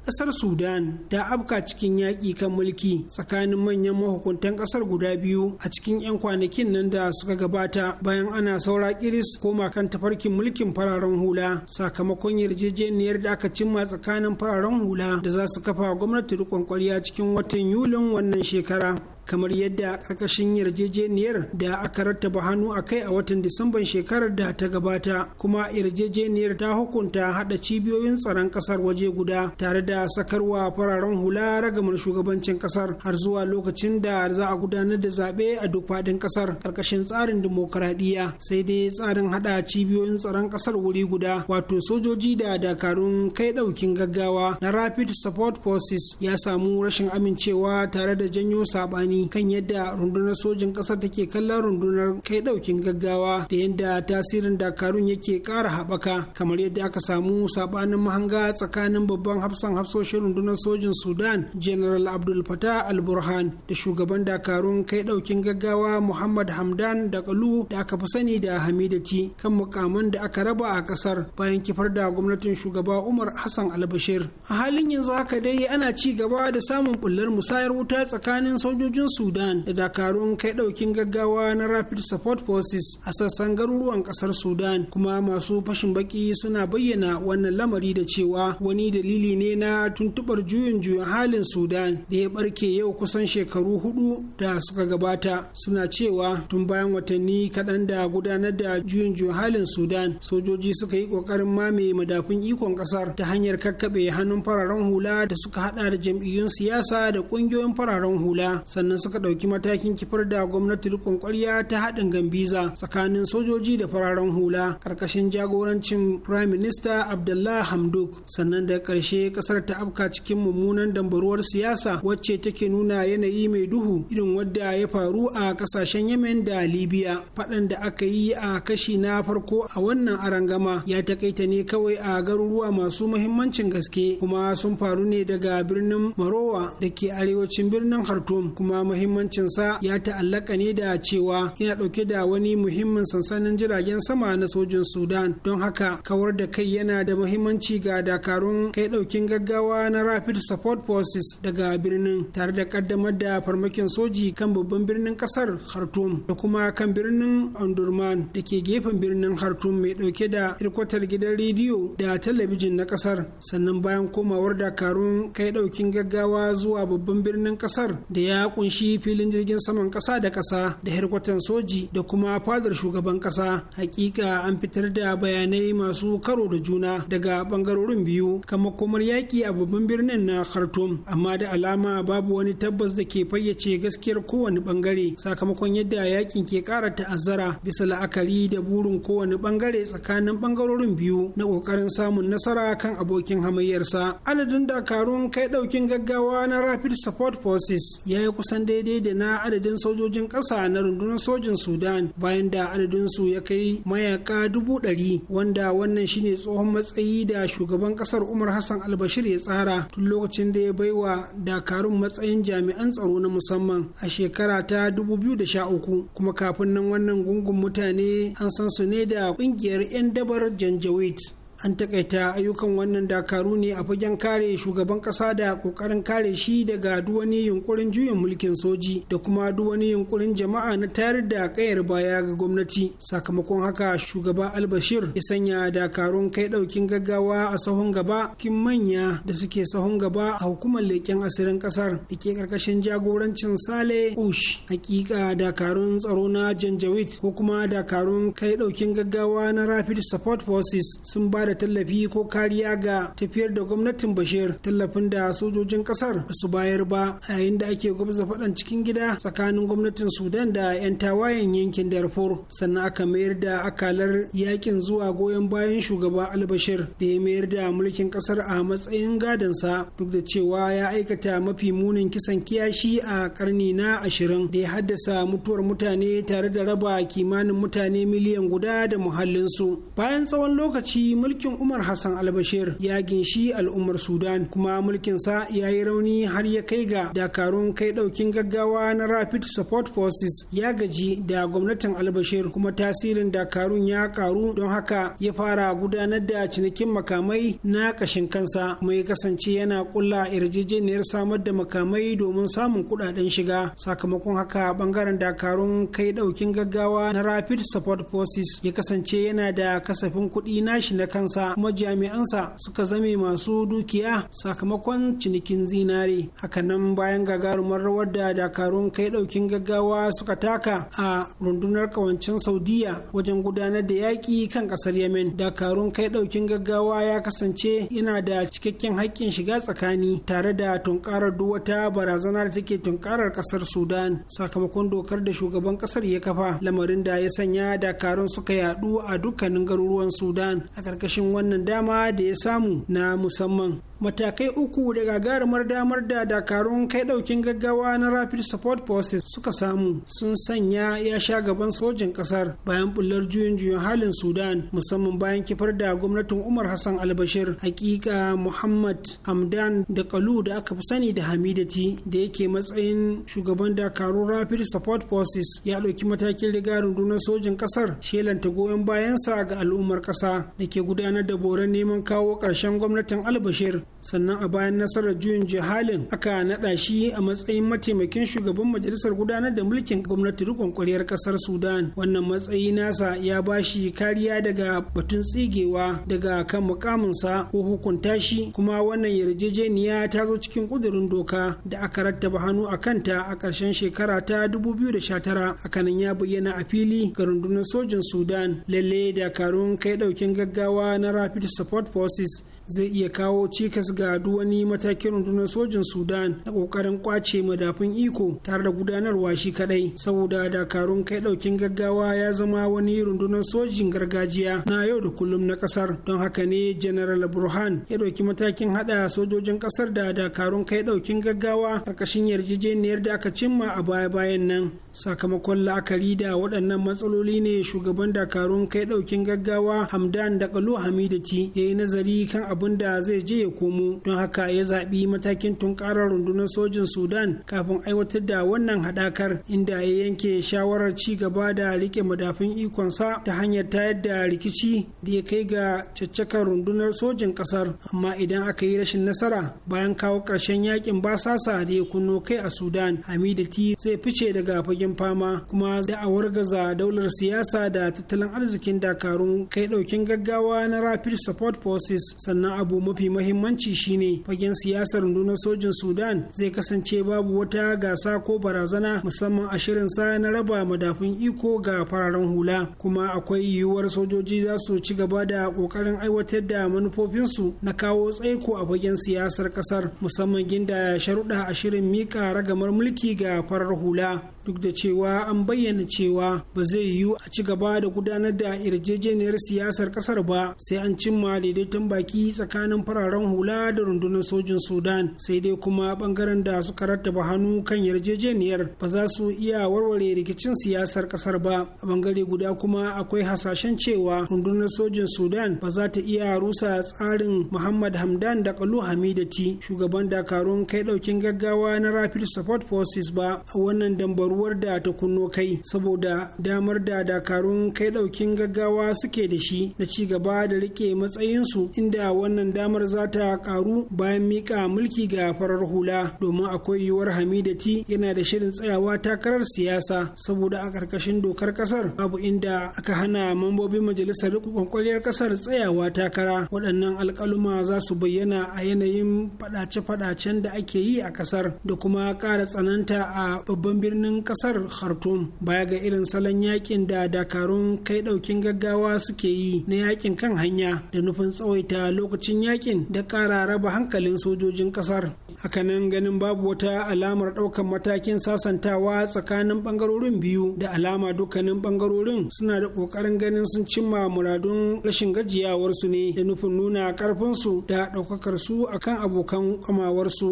ƙasar sudan ta afka cikin yaƙi kan mulki tsakanin manyan mahukuntan ƙasar guda biyu a cikin 'yan kwanakin nan da suka gabata bayan ana saura iris koma kan tafarkin mulkin fararen hula sakamakon yarjejeniyar da aka cimma tsakanin fararen hula da za su kafa gwamnati rikon kwarya cikin watan yulin wannan shekara kamar yadda karkashin yarjejeniyar da aka rattaba hannu a kai a watan disamban shekarar da ta gabata kuma yarjejeniyar ta hukunta haɗa cibiyoyin tsaron ƙasar waje guda tare da sakarwa fararen hula ragamar shugabancin ƙasar har zuwa lokacin da za a gudanar da zaɓe a duk faɗin ƙasar ƙarƙashin tsarin dimokuraɗiyya sai dai tsarin haɗa cibiyoyin tsaron ƙasar wuri guda wato sojoji da dakarun kai ɗaukin gaggawa na rapid support forces ya samu rashin amincewa tare da janyo saɓani kan yadda rundunar sojin ƙasar take kallon rundunar kai ɗaukin gaggawa da yadda tasirin dakarun yake ƙara haɓaka kamar yadda aka samu saɓanin mahanga tsakanin babban hafsan hafsoshin rundunar sojin sudan general abdul fatah al burhan da shugaban dakarun kai ɗaukin gaggawa muhammad hamdan da kalu da aka fi sani da hamidati kan mukaman da aka raba a ƙasar bayan kifar da gwamnatin shugaba umar hassan albashir a halin yanzu haka dai ana ci gaba da samun bullar musayar wuta tsakanin sojojin sudan da dakarun kai daukin gaggawa na rapid support forces a sassan garuruwan kasar sudan kuma masu fashin baki suna bayyana wannan lamari da cewa wani dalili ne na tuntubar juyin juyin halin sudan da ya barke yau kusan shekaru hudu da suka gabata suna cewa tun bayan watanni kaɗan da gudanar da juyin juyin halin sudan sojoji suka yi ƙoƙarin mame madafun ikon ƙasar ta hanyar kakkaɓe hannun fararen hula da suka haɗa da jam'iyyun siyasa da ƙungiyoyin fararen hula sannan sannan suka ɗauki matakin kifar da gwamnati rikon kwarya ta haɗin gambiza tsakanin sojoji da fararen hula ƙarƙashin jagorancin prime minister abdullah hamduk sannan da ƙarshe ƙasar ta afka cikin mummunan dambaruwar siyasa wacce take nuna yanayi mai duhu irin wadda ya faru a ƙasashen yemen da libya faɗan da aka yi a kashi na farko a wannan arangama ya takaita ne kawai a garuruwa masu mahimmancin gaske kuma sun faru ne daga birnin marowa da ke arewacin birnin khartoum kuma muhimmancinsa ya ta'allaka ne da cewa yana ɗauke da wani muhimmin sansanin jiragen sama na sojin sudan don haka kawar da kai yana da muhimmanci ga dakarun kai ɗaukin gaggawa na rapid support forces daga birnin tare da kaddamar da farmakin soji kan babban birnin ƙasar khartoum da kuma kan birnin ondurman da ke gefen birnin khartoum mai ɗauke da irkwatar gidan rediyo da talabijin na ƙasar sannan bayan komawar dakarun kai ɗaukin gaggawa zuwa babban birnin ƙasar da ya kunshi shi filin jirgin saman kasa da kasa da herkwatan soji da kuma fadar shugaban kasa hakika an fitar da bayanai masu karo da juna daga bangarorin biyu kamar komar yaƙi a babban birnin na khartum amma da alama babu wani tabbas da ke fayyace gaskiyar kowane bangare sakamakon yadda yaƙin ke ƙara ta'azzara bisa la'akari da burin kowane bangare tsakanin bangarorin biyu na kokarin samun nasara kan abokin hamayyarsa adadin dakarun kai daukin gaggawa na rapid support forces ya yi kusan kusan daidai da na adadin sojojin ƙasa na rundunar sojin sudan bayan da adadinsu ya kai mayaka dubu ɗari wanda wannan shine tsohon matsayi da shugaban ƙasar umar hassan albashir ya tsara tun lokacin da ya baiwa dakarun matsayin jami'an tsaro na musamman a shekara ta dubu biyu da sha uku kuma kafin nan wannan gungun mutane an san su ne da ƙungiyar 'yan dabar janjawit an takaita ayyukan wannan dakaru ne a fagen kare shugaban kasa da kokarin kare shi daga duwani yunkurin juyin mulkin soji da kuma duwani yunkurin jama'a na tayar da kayar baya ga gwamnati sakamakon haka shugaba albashir ya sanya dakarun kai daukin gaggawa a sahun gaba kin manya da suke sahun gaba a hukumar leken asirin kasar da ke karkashin jagorancin sale ush hakika dakarun tsaro na janjawit ko kuma dakarun kai daukin gaggawa na rapid support forces sun ba da tallafi ko kariya ga tafiyar da gwamnatin bashir tallafin da sojojin kasar su bayar ba yayin da ake gwabza faɗan cikin gida tsakanin gwamnatin sudan da 'yan tawayen yankin darfur sannan aka mayar da akalar yakin zuwa goyon bayan shugaba albashir da ya mayar da mulkin kasar a matsayin gadansa duk da cewa ya aikata mafi munin kisan kiyashi a karni na ashirin da ya haddasa mutuwar mutane tare da raba kimanin mutane miliyan guda da muhallinsu bayan tsawon lokaci mulkin mulkin umar hassan albashir ya ginshi al'ummar sudan kuma mulkinsa ya yi rauni har ya kai ga dakarun kai daukin gaggawa na rapid support forces ya gaji da gwamnatin albashir kuma tasirin dakarun ya karu don haka ya fara gudanar da cinikin makamai na kashin kansa kuma ya kasance yana kulla yarjejeniyar samar da makamai domin samun kudaden shiga sakamakon haka bangaren dakarun kai daukin gaggawa na rapid support forces ya kasance yana da kasafin kuɗi nashi na kansa kansa kuma jami'ansa suka zame masu dukiya sakamakon cinikin zinare hakanan bayan gagarumar rawar da dakarun kai daukin gaggawa suka taka a rundunar kawancin saudiya wajen gudanar da yaƙi kan ƙasar yemen dakarun kai daukin gaggawa ya kasance yana da cikakken haƙƙin shiga tsakani tare da tunkarar duk wata barazana da take tunkarar ƙasar sudan sakamakon dokar da shugaban ƙasar ya kafa lamarin da ya sanya dakarun suka yaɗu a dukkanin garuruwan sudan a ƙarƙashin rashin wannan dama da ya samu na musamman matakai uku da gagarumar damar da dakarun kai daukin gaggawa na rapid support forces suka samu sun sanya ya sha gaban sojin kasar bayan bullar juyin juyin halin sudan musamman bayan kifar da gwamnatin umar hassan albashir hakika muhammad hamdan da kalu da aka fi sani da hamidati da yake matsayin shugaban dakarun rapid support forces ya ɗauki matakin riga rundunar sojin kasar shelanta goyon bayansa ga al'ummar ƙasa da ke gudanar da boran neman kawo ƙarshen gwamnatin albashir sannan a bayan nasarar juyin jihalin aka naɗa shi a matsayin mataimakin shugaban majalisar gudanar da mulkin gwamnati rikon kwaryar ƙasar sudan wannan matsayi nasa ya ba shi kariya daga batun tsigewa daga kan mukaminsa ko hukunta shi kuma wannan yarjejeniya ta zo cikin kudurin doka da aka rattaba hannu a kanta a ƙarshen shekara ta 2019 hakanan ya bayyana a fili ga rundunar sojin sudan lalle da dakarun kai ɗaukin gaggawa na rapid support forces zai iya kawo cikas ga duk wani matakin rundunar sojin sudan na kokarin kwace madafun iko tare da gudanarwa shi kadai saboda dakarun kai daukin gaggawa ya zama wani rundunar sojin gargajiya na yau da kullum na kasar don haka ne general burhan ya dauki matakin hada sojojin kasar da dakarun kai daukin gaggawa karkashin yarjejeniyar da aka cimma a baya-bayan nan sakamakon la'akari da waɗannan matsaloli ne shugaban dakarun kai daukin gaggawa hamdan da kalu hamidati ya yi nazari kan abin da zai je ya komo don haka ya zaɓi matakin tunkarar rundunar sojin sudan kafin aiwatar da wannan haɗakar inda ya yanke shawarar ci gaba da rike madafin ikonsa ta hanyar tayar da rikici da ya kai ga caccakar rundunar sojin ƙasar amma idan aka yi rashin nasara bayan kawo ƙarshen yakin basasa da ya kunno kai a sudan t zai fice daga fagen fama kuma da a wargaza daular siyasa da tattalin arzikin dakarun kai ɗaukin gaggawa na rapid support forces sannan sannan abu mafi mahimmanci shine fagen siyasar nuna sojin sudan zai kasance babu wata gasa ko barazana musamman a shirin sa na raba madafun iko ga fararen hula kuma akwai yiwuwar sojoji za su ci gaba da kokarin aiwatar da manufofinsu na kawo tsaiko a fagen siyasar kasar musamman ginda sharuɗa a shirin mika ragamar mulki ga farar hula duk da cewa an bayyana cewa ba zai yiwu a ci gaba da gudanar da yarjejeniyar siyasar kasar ba sai an cimma daidaiton baki tsakanin fararen hula da rundunar sojin sudan sai dai kuma bangaren da suka rattaba hannu kan yarjejeniyar ba za su iya warware rikicin siyasar kasar ba a bangare guda kuma akwai hasashen cewa rundunar sojin sudan ba za ta iya rusa tsarin muhammad hamdan da kalu hamidati shugaban dakarun kai daukin gaggawa na rapid support forces ba a wannan dambaru damuwar da ta kunno kai saboda damar da dakarun kai daukin gaggawa suke da shi na ci gaba da rike matsayinsu inda wannan damar za ta karu bayan mika mulki ga farar hula domin akwai yiwuwar hamidati yana da shirin tsayawa takarar siyasa saboda a ƙarƙashin dokar ƙasar babu inda aka hana mambobin majalisar kwankwaliyar ƙasar tsayawa takara waɗannan alƙaluma za su bayyana a yanayin faɗace-faɗacen da ake yi a ƙasar da kuma ƙara tsananta a babban birnin kasar khartoum baya ga irin salon yakin da dakarun kai daukin gaggawa suke yi na yakin kan hanya da nufin tsawaita lokacin yakin da kara raba hankalin sojojin kasar hakanan ganin babu wata alamar daukan matakin sasantawa tsakanin bangarorin biyu da alama dukkanin bangarorin suna da kokarin ganin sun cimma muradun rashin gajiyawarsu ne da nufin nuna karfinsu da daukakar su akan abokan kwamawarsu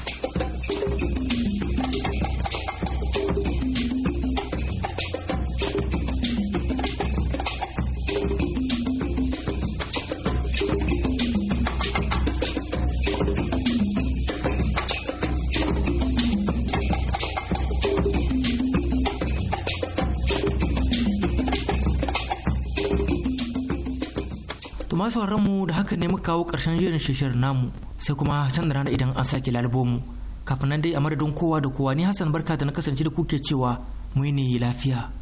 masu mu da haka ne muka kawo ƙarshen jirin shishir namu sai kuma can da rana idan an sake lalubo mu kafin nan dai a madadin kowa da kowa ni hassan barka da na kasance da kuke cewa mu ne lafiya